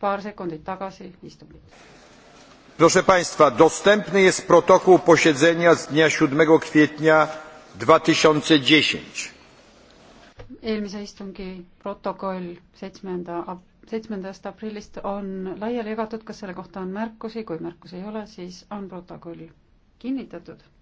paar sekundit tagasi istungit. Proszę Państwa, dostępny jest protokół posiedzenia z dnia 7 kwietnia 2010. Eelmise istungi protokoll 7. Ab 7. aprillist on laiali jagatud. Kas selle kohta on märkusi? Kui märkusi ei ole, siis on protokoll kinnitatud.